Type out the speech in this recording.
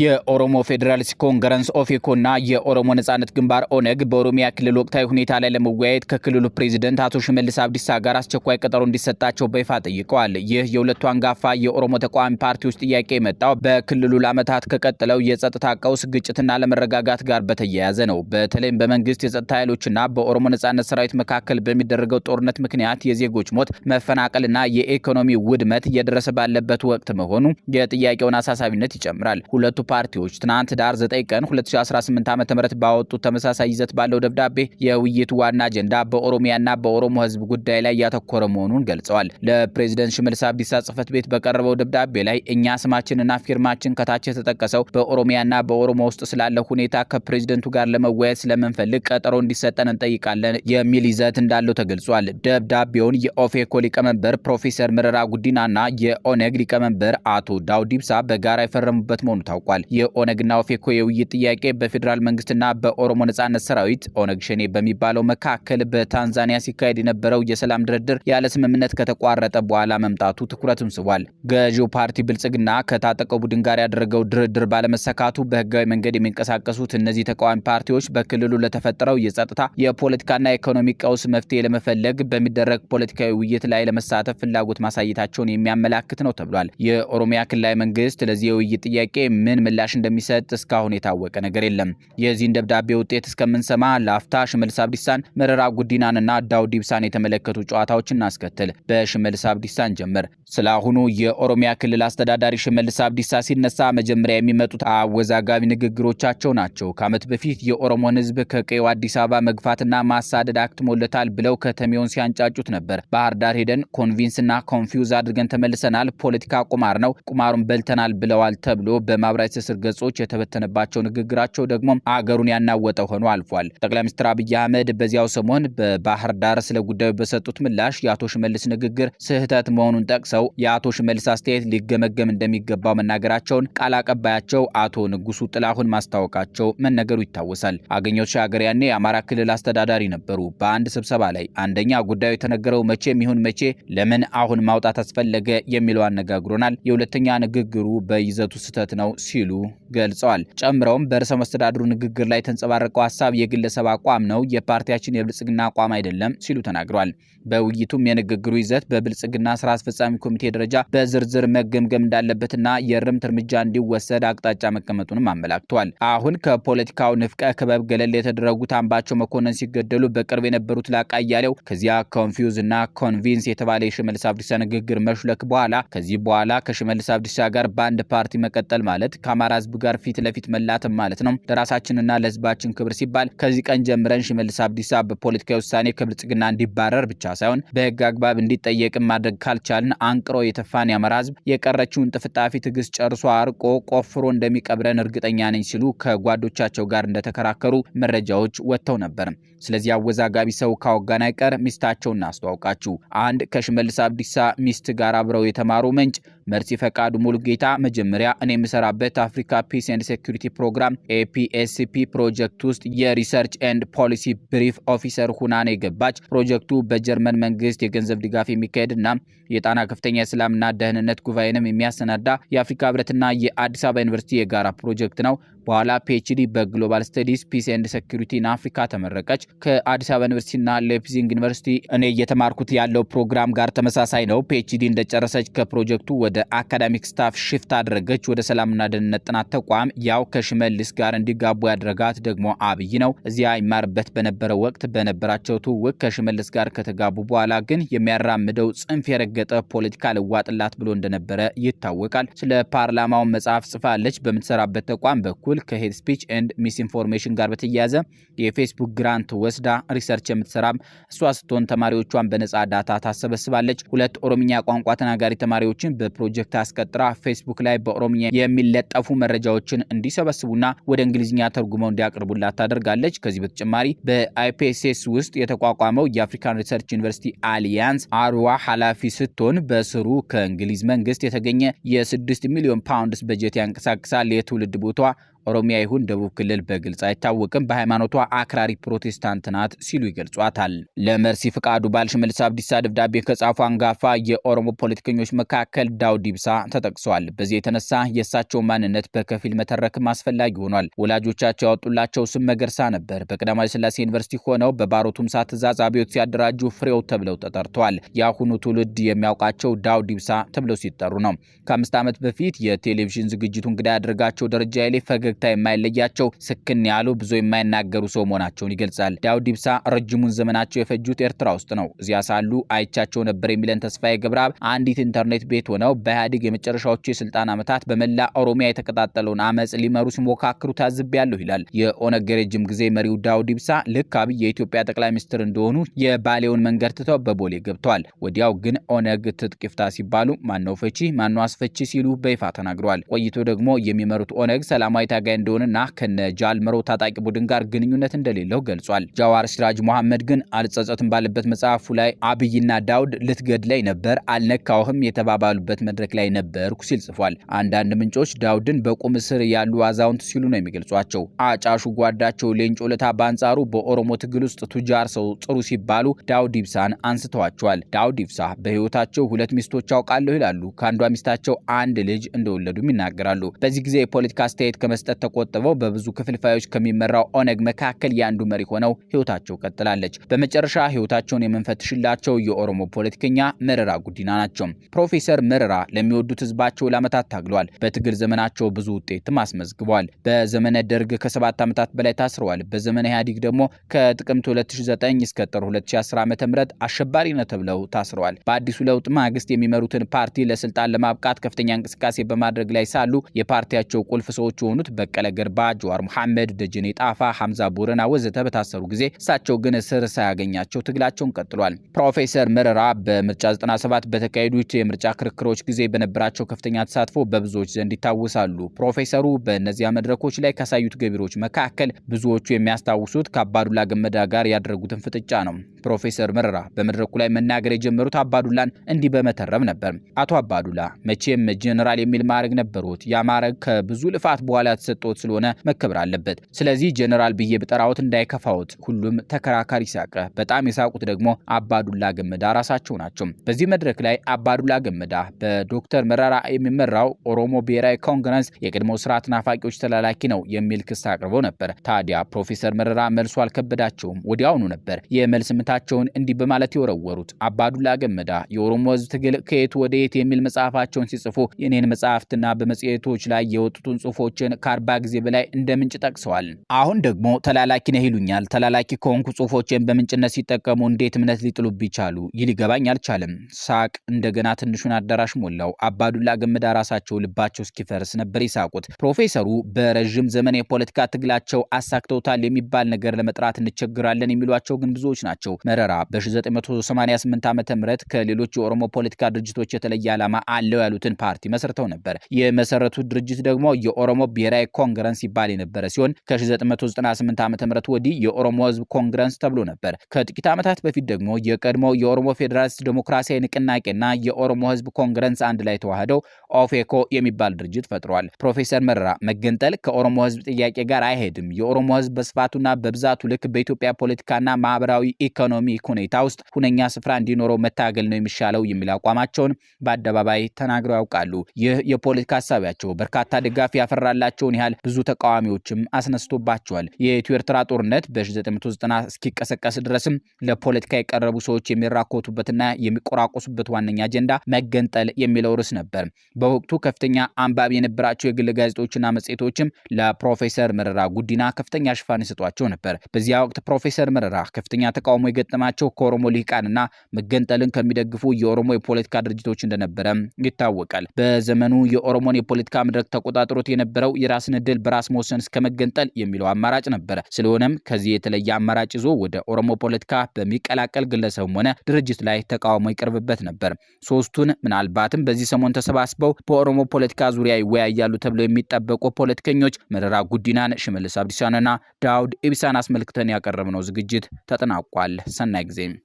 የኦሮሞ ፌዴራሊስት ኮንግረንስ ኦፌኮና የኦሮሞ ነጻነት ግንባር ኦነግ በኦሮሚያ ክልል ወቅታዊ ሁኔታ ላይ ለመወያየት ከክልሉ ፕሬዚደንት አቶ ሽመልስ አብዲሳ ጋር አስቸኳይ ቀጠሮ እንዲሰጣቸው በይፋ ጠይቀዋል። ይህ የሁለቱ አንጋፋ የኦሮሞ ተቃዋሚ ፓርቲዎች ጥያቄ የመጣው በክልሉ ለዓመታት ከቀጥለው የጸጥታ ቀውስ ግጭትና ለመረጋጋት ጋር በተያያዘ ነው። በተለይም በመንግስት የጸጥታ ኃይሎችና በኦሮሞ ነጻነት ሰራዊት መካከል በሚደረገው ጦርነት ምክንያት የዜጎች ሞት መፈናቀልና የኢኮኖሚ ውድመት እየደረሰ ባለበት ወቅት መሆኑ የጥያቄውን አሳሳቢነት ይጨምራል። ሁለቱ ፓርቲዎች ትናንት ዳር 9 ቀን 2018 ም ባወጡት ተመሳሳይ ይዘት ባለው ደብዳቤ የውይይቱ ዋና አጀንዳ በኦሮሚያና በኦሮሞ ህዝብ ጉዳይ ላይ ያተኮረ መሆኑን ገልጸዋል። ለፕሬዚደንት ሽመልስ አብዲሳ ጽሕፈት ቤት በቀረበው ደብዳቤ ላይ እኛ ስማችንና ፊርማችን ከታች የተጠቀሰው በኦሮሚያና በኦሮሞ ውስጥ ስላለው ሁኔታ ከፕሬዚደንቱ ጋር ለመወያየት ስለምንፈልግ ቀጠሮ እንዲሰጠን እንጠይቃለን የሚል ይዘት እንዳለው ተገልጿል። ደብዳቤውን የኦፌኮ ሊቀመንበር ፕሮፌሰር መረራ ጉዲናና የኦነግ ሊቀመንበር አቶ ዳውድ ኢብሳ በጋራ የፈረሙበት መሆኑ ታውቋል። አቅርቧል። የኦነግና ኦፌኮ የውይይት ጥያቄ በፌዴራል መንግስትና በኦሮሞ ነጻነት ሰራዊት ኦነግ ሸኔ በሚባለው መካከል በታንዛኒያ ሲካሄድ የነበረው የሰላም ድርድር ያለ ስምምነት ከተቋረጠ በኋላ መምጣቱ ትኩረትም ስቧል። ገዢው ፓርቲ ብልጽግና ከታጠቀው ቡድን ጋር ያደረገው ድርድር ባለመሰካቱ በህጋዊ መንገድ የሚንቀሳቀሱት እነዚህ ተቃዋሚ ፓርቲዎች በክልሉ ለተፈጠረው የጸጥታ የፖለቲካና የኢኮኖሚ ቀውስ መፍትሄ ለመፈለግ በሚደረግ ፖለቲካዊ ውይይት ላይ ለመሳተፍ ፍላጎት ማሳየታቸውን የሚያመላክት ነው ተብሏል። የኦሮሚያ ክልላዊ መንግስት ለዚህ የውይይት ጥያቄ ምን ምን ምላሽ እንደሚሰጥ እስካሁን የታወቀ ነገር የለም። የዚህን ደብዳቤ ውጤት እስከምንሰማ ለአፍታ ሽመልስ አብዲሳን፣ መረራ ጉዲናንና ዳውድ ኢብሳን የተመለከቱ ጨዋታዎች እናስከትል። በሽመልስ አብዲሳን ጀምር። ስለ አሁኑ የኦሮሚያ ክልል አስተዳዳሪ ሽመልስ አብዲሳ ሲነሳ መጀመሪያ የሚመጡት አወዛጋቢ ንግግሮቻቸው ናቸው። ከዓመት በፊት የኦሮሞን ህዝብ ከቀዬው አዲስ አበባ መግፋትና ማሳደድ አክትሞለታል ብለው ከተሜውን ሲያንጫጩት ነበር። ባህር ዳር ሄደን ኮንቪንስና ኮንፊውዝ አድርገን ተመልሰናል፣ ፖለቲካ ቁማር ነው፣ ቁማሩን በልተናል ብለዋል ተብሎ በማብራ ማህበራዊ ትስስር ገጾች የተበተነባቸው ንግግራቸው ደግሞ አገሩን ያናወጠ ሆኖ አልፏል። ጠቅላይ ሚኒስትር አብይ አህመድ በዚያው ሰሞን በባህር ዳር ስለ ጉዳዩ በሰጡት ምላሽ የአቶ ሽመልስ ንግግር ስህተት መሆኑን ጠቅሰው የአቶ ሽመልስ አስተያየት ሊገመገም እንደሚገባው መናገራቸውን ቃል አቀባያቸው አቶ ንጉሱ ጥላሁን ማስታወቃቸው መነገሩ ይታወሳል። አገኘሁ ሻገር ያኔ የአማራ ክልል አስተዳዳሪ ነበሩ። በአንድ ስብሰባ ላይ አንደኛ ጉዳዩ የተነገረው መቼ ይሁን መቼ ለምን አሁን ማውጣት አስፈለገ የሚለው አነጋግሮናል። የሁለተኛ ንግግሩ በይዘቱ ስህተት ነው ሲ ሲሉ ገልጸዋል። ጨምረውም በርዕሰ መስተዳድሩ ንግግር ላይ የተንጸባረቀው ሀሳብ የግለሰብ አቋም ነው፣ የፓርቲያችን የብልጽግና አቋም አይደለም ሲሉ ተናግረዋል። በውይይቱም የንግግሩ ይዘት በብልጽግና ስራ አስፈጻሚ ኮሚቴ ደረጃ በዝርዝር መገምገም እንዳለበትና የእርምት እርምጃ እንዲወሰድ አቅጣጫ መቀመጡንም አመላክተዋል። አሁን ከፖለቲካው ንፍቀ ክበብ ገለል የተደረጉት አምባቸው መኮንን ሲገደሉ በቅርብ የነበሩት ላቃ እያሌው ከዚያ ኮንፊውዝ እና ኮንቪንስ የተባለ የሽመልስ አብዲሳ ንግግር መሽለክ በኋላ ከዚህ በኋላ ከሽመልስ አብዲሳ ጋር በአንድ ፓርቲ መቀጠል ማለት ከአማራ ህዝብ ጋር ፊት ለፊት መላትም ማለት ነው። ለራሳችንና ለህዝባችን ክብር ሲባል ከዚህ ቀን ጀምረን ሽመልስ አብዲሳ በፖለቲካዊ ውሳኔ ከብልጽግና እንዲባረር ብቻ ሳይሆን በህግ አግባብ እንዲጠየቅም ማድረግ ካልቻልን አንቅሮ የተፋን የአማራ ህዝብ የቀረችውን ጥፍጣፊ ትዕግስት ጨርሶ አርቆ ቆፍሮ እንደሚቀብረን እርግጠኛ ነኝ ሲሉ ከጓዶቻቸው ጋር እንደተከራከሩ መረጃዎች ወጥተው ነበር። ስለዚህ አወዛጋቢ ሰው ካወጋን አይቀር ሚስታቸውን እናስተዋውቃችሁ። አንድ ከሽመልስ አብዲሳ ሚስት ጋር አብረው የተማሩ ምንጭ መርሲ ፈቃዱ ሙሉጌታ መጀመሪያ እኔ የምሰራበት አፍሪካ ፒስ ኤንድ ሴኩሪቲ ፕሮግራም ኤፒኤስፒ ፕሮጀክት ውስጥ የሪሰርች ኤንድ ፖሊሲ ብሪፍ ኦፊሰር ሁናን የገባች። ፕሮጀክቱ በጀርመን መንግስት የገንዘብ ድጋፍ የሚካሄድና የጣና ከፍተኛ የሰላምና ደህንነት ጉባኤንም የሚያሰናዳ የአፍሪካ ህብረትና የአዲስ አበባ ዩኒቨርሲቲ የጋራ ፕሮጀክት ነው። በኋላ ፒኤችዲ በግሎባል ስተዲስ ፒስ ኤንድ ሴኩሪቲ ኢን አፍሪካ ተመረቀች። ከአዲስ አበባ ዩኒቨርሲቲና ሌፕዚንግ ዩኒቨርሲቲ እኔ እየተማርኩት ያለው ፕሮግራም ጋር ተመሳሳይ ነው። ፒኤችዲ እንደጨረሰች ከፕሮጀክቱ ወደ አካዳሚክ ስታፍ ሽፍት አደረገች ወደ ሰላምና ደህንነት ጥናት ተቋም። ያው ከሽመልስ ጋር እንዲጋቡ ያደረጋት ደግሞ አብይ ነው። እዚያ ይማርበት በነበረው ወቅት በነበራቸው ትውውቅ ከሽመልስ ጋር ከተጋቡ በኋላ ግን የሚያራምደው ጽንፍ የረገጠ ፖለቲካ ልዋጥላት ብሎ እንደነበረ ይታወቃል። ስለ ፓርላማውን መጽሐፍ ጽፋለች። በምትሰራበት ተቋም በኩል ውል ከሄድ ስፒች ኤንድ ሚስ ኢንፎርሜሽን ጋር በተያያዘ የፌስቡክ ግራንት ወስዳ ሪሰርች የምትሰራም እሷ ስትሆን ተማሪዎቿን በነፃ ዳታ ታሰበስባለች። ሁለት ኦሮምኛ ቋንቋ ተናጋሪ ተማሪዎችን በፕሮጀክት አስቀጥራ ፌስቡክ ላይ በኦሮምኛ የሚለጠፉ መረጃዎችን እንዲሰበስቡና ወደ እንግሊዝኛ ተርጉመው እንዲያቀርቡላት ታደርጋለች። ከዚህ በተጨማሪ በአይፒኤስኤስ ውስጥ የተቋቋመው የአፍሪካን ሪሰርች ዩኒቨርሲቲ አሊያንስ አርዋ ኃላፊ ስትሆን በስሩ ከእንግሊዝ መንግስት የተገኘ የስድስት ሚሊዮን ፓውንድስ በጀት ያንቀሳቅሳል። የትውልድ ቦቷ ኦሮሚያ ይሁን ደቡብ ክልል በግልጽ አይታወቅም። በሃይማኖቷ አክራሪ ፕሮቴስታንት ናት ሲሉ ይገልጿታል። ለመርሲ ፍቃዱ ባልሽመልስ አብዲሳ ደብዳቤ ከጻፉ አንጋፋ የኦሮሞ ፖለቲከኞች መካከል ዳውድ ኢብሳ ተጠቅሰዋል። በዚህ የተነሳ የእሳቸው ማንነት በከፊል መተረክም አስፈላጊ ሆኗል። ወላጆቻቸው ያወጡላቸው ስም መገርሳ ነበር። በቀዳማዊ ስላሴ ዩኒቨርሲቲ ሆነው በባሮ ቱምሳ ትእዛዝ አብዮት ሲያደራጁ ፍሬው ተብለው ተጠርተዋል። የአሁኑ ትውልድ የሚያውቃቸው ዳውድ ኢብሳ ተብለው ሲጠሩ ነው። ከአምስት ዓመት በፊት የቴሌቪዥን ዝግጅቱ እንግዳ ያደረጋቸው ደረጃ ኃይሌ ፈገግ ፈገግታ የማይለያቸው ስክን ያሉ ብዙ የማይናገሩ ሰው መሆናቸውን ይገልጻል። ዳውድ ኢብሳ ረጅሙን ዘመናቸው የፈጁት ኤርትራ ውስጥ ነው። እዚያ ሳሉ አይቻቸው ነበር የሚለን ተስፋዬ ገብረአብ አንዲት ኢንተርኔት ቤት ሆነው በኢህአዴግ የመጨረሻዎቹ የስልጣን ዓመታት በመላ ኦሮሚያ የተቀጣጠለውን አመፅ ሊመሩ ሲሞካክሩ ታዝቤያለሁ ይላል። የኦነግ የረጅም ጊዜ መሪው ዳውድ ኢብሳ ልክ አብይ የኢትዮጵያ ጠቅላይ ሚኒስትር እንደሆኑ የባሌውን መንገድ ትተው በቦሌ ገብተዋል። ወዲያው ግን ኦነግ ትጥቅ ይፍታ ሲባሉ ማነው ፈቺ ማነው አስፈቺ ሲሉ በይፋ ተናግረዋል። ቆይቶ ደግሞ የሚመሩት ኦነግ ሰላማዊ ታገ ታጋይ እንደሆነና ከነ ጃል መሮ ታጣቂ ቡድን ጋር ግንኙነት እንደሌለው ገልጿል። ጃዋር ሲራጅ መሐመድ ግን አልጸጸትም ባለበት መጽሐፉ ላይ አብይና ዳውድ ላይ ነበር አልነካውህም የተባባሉበት መድረክ ላይ ነበርኩ ሲል ጽፏል። አንዳንድ ምንጮች ዳውድን በቁም እስር ያሉ አዛውንት ሲሉ ነው የሚገልጿቸው። አጫሹ ጓዳቸው ሌንጮ ለታ በአንጻሩ በኦሮሞ ትግል ውስጥ ቱጃር ሰው ጥሩ ሲባሉ ዳውድ ኢብሳን አንስተዋቸዋል። ዳውድ ኢብሳ በህይወታቸው ሁለት ሚስቶች አውቃለሁ ይላሉ። ከአንዷ ሚስታቸው አንድ ልጅ እንደወለዱም ይናገራሉ። በዚህ ጊዜ የፖለቲካ አስተያየት ከመስ ከመስጠት ተቆጥበው በብዙ ክፍልፋዮች ከሚመራው ኦነግ መካከል የአንዱ መሪ ሆነው ህይወታቸው ቀጥላለች። በመጨረሻ ህይወታቸውን የምንፈትሽላቸው የኦሮሞ ፖለቲከኛ መረራ ጉዲና ናቸው። ፕሮፌሰር መረራ ለሚወዱት ህዝባቸው ለአመታት ታግለዋል። በትግል ዘመናቸው ብዙ ውጤትም አስመዝግበዋል። በዘመነ ደርግ ከሰባት ዓመታት በላይ ታስረዋል። በዘመነ ኢህአዴግ ደግሞ ከጥቅምት 2009 እስከ ጥር 2010 ዓ ም አሸባሪ ነው ተብለው ታስረዋል። በአዲሱ ለውጥ ማግስት የሚመሩትን ፓርቲ ለስልጣን ለማብቃት ከፍተኛ እንቅስቃሴ በማድረግ ላይ ሳሉ የፓርቲያቸው ቁልፍ ሰዎች የሆኑት በቀለ ገርባ፣ ጀዋር መሐመድ፣ ደጀኔ ጣፋ፣ ሐምዛ ቦረና ወዘተ በታሰሩ ጊዜ እሳቸው ግን እስር ሳያገኛቸው ትግላቸውን ቀጥሏል። ፕሮፌሰር መረራ በምርጫ 97 በተካሄዱት የምርጫ ክርክሮች ጊዜ በነበራቸው ከፍተኛ ተሳትፎ በብዙዎች ዘንድ ይታወሳሉ። ፕሮፌሰሩ በእነዚያ መድረኮች ላይ ካሳዩት ገቢሮች መካከል ብዙዎቹ የሚያስታውሱት ከአባዱላ ገመዳ ጋር ያደረጉትን ፍጥጫ ነው። ፕሮፌሰር መረራ በመድረኩ ላይ መናገር የጀመሩት አባዱላን እንዲህ በመተረብ ነበር። አቶ አባዱላ መቼም ጄኔራል የሚል ማዕረግ ነበሩት። ያ ማዕረግ ከብዙ ልፋት በኋላ የተሰጠዎት ስለሆነ መከበር አለበት። ስለዚህ ጀነራል ብዬ ብጠራዎት እንዳይከፋዎት። ሁሉም ተከራካሪ ሳቀ። በጣም የሳቁት ደግሞ አባዱላ ገመዳ ራሳቸው ናቸው። በዚህ መድረክ ላይ አባዱላ ገመዳ በዶክተር መረራ የሚመራው ኦሮሞ ብሔራዊ ኮንግረስ የቀድሞ ስርዓት ናፋቂዎች ተላላኪ ነው የሚል ክስ አቅርቦ ነበር። ታዲያ ፕሮፌሰር መረራ መልሱ አልከበዳቸውም። ወዲያውኑ ነበር የመልስ ምታቸውን እንዲህ በማለት የወረወሩት። አባዱላ ገመዳ የኦሮሞ ህዝብ ትግል ከየት ወደ የት የሚል መጽሐፋቸውን ሲጽፉ የኔን መጽሐፍትና በመጽሔቶች ላይ የወጡትን ጽሁፎችን ከአርባ ጊዜ በላይ እንደ ምንጭ ጠቅሰዋል። አሁን ደግሞ ተላላኪ ነህ ይሉኛል። ተላላኪ ከሆንኩ ጽሁፎችን በምንጭነት ሲጠቀሙ እንዴት እምነት ሊጥሉብ ይቻሉ ይህ ሊገባኝ አልቻለም። ሳቅ እንደገና ትንሹን አዳራሽ ሞላው። አባዱላ ገመዳ ራሳቸው ልባቸው እስኪፈርስ ነበር ይሳቁት። ፕሮፌሰሩ በረዥም ዘመን የፖለቲካ ትግላቸው አሳክተውታል የሚባል ነገር ለመጥራት እንቸግራለን የሚሏቸው ግን ብዙዎች ናቸው። መረራ በ1988 ዓ ም ከሌሎች የኦሮሞ ፖለቲካ ድርጅቶች የተለየ ዓላማ አለው ያሉትን ፓርቲ መስርተው ነበር። የመሰረቱት ድርጅት ደግሞ የኦሮሞ ብሔራዊ ትግራይ ኮንግረስ ይባል የነበረ ሲሆን ከ1998 ዓ ም ወዲህ የኦሮሞ ህዝብ ኮንግረስ ተብሎ ነበር። ከጥቂት ዓመታት በፊት ደግሞ የቀድሞ የኦሮሞ ፌዴራሊስት ዴሞክራሲያዊ ንቅናቄና የኦሮሞ ህዝብ ኮንግረስ አንድ ላይ ተዋህደው ኦፌኮ የሚባል ድርጅት ፈጥሯል። ፕሮፌሰር መረራ መገንጠል ከኦሮሞ ህዝብ ጥያቄ ጋር አይሄድም፣ የኦሮሞ ህዝብ በስፋቱና በብዛቱ ልክ በኢትዮጵያ ፖለቲካና ማህበራዊ ኢኮኖሚ ሁኔታ ውስጥ ሁነኛ ስፍራ እንዲኖረው መታገል ነው የሚሻለው የሚል አቋማቸውን በአደባባይ ተናግረው ያውቃሉ። ይህ የፖለቲካ ሀሳቢያቸው በርካታ ድጋፍ ያፈራላቸውን የመሆኑን ያህል ብዙ ተቃዋሚዎችም አስነስቶባቸዋል። የኢትዮ ኤርትራ ጦርነት በ1990 እስኪቀሰቀስ ድረስም ለፖለቲካ የቀረቡ ሰዎች የሚራኮቱበትና የሚቆራቆሱበት ዋነኛ አጀንዳ መገንጠል የሚለው ርዕስ ነበር። በወቅቱ ከፍተኛ አንባቢ የነበራቸው የግል ጋዜጦችና መጽሔቶችም ለፕሮፌሰር መረራ ጉዲና ከፍተኛ ሽፋን ይሰጧቸው ነበር። በዚያ ወቅት ፕሮፌሰር መረራ ከፍተኛ ተቃውሞ የገጠማቸው ከኦሮሞ ልሂቃንና መገንጠልን ከሚደግፉ የኦሮሞ የፖለቲካ ድርጅቶች እንደነበረ ይታወቃል። በዘመኑ የኦሮሞን የፖለቲካ መድረክ ተቆጣጥሮት የነበረው የራስ የራስን እድል በራስ መወሰን እስከ መገንጠል የሚለው አማራጭ ነበረ። ስለሆነም ከዚህ የተለየ አማራጭ ይዞ ወደ ኦሮሞ ፖለቲካ በሚቀላቀል ግለሰብም ሆነ ድርጅት ላይ ተቃውሞ ይቀርብበት ነበር። ሶስቱን ምናልባትም በዚህ ሰሞን ተሰባስበው በኦሮሞ ፖለቲካ ዙሪያ ይወያያሉ ተብለው የሚጠበቁ ፖለቲከኞች መረራ ጉዲናን፣ ሽመልስ አብዲሳንና ዳውድ ኢብሳን አስመልክተን ያቀረብነው ዝግጅት ተጠናቋል። ሰናይ ጊዜም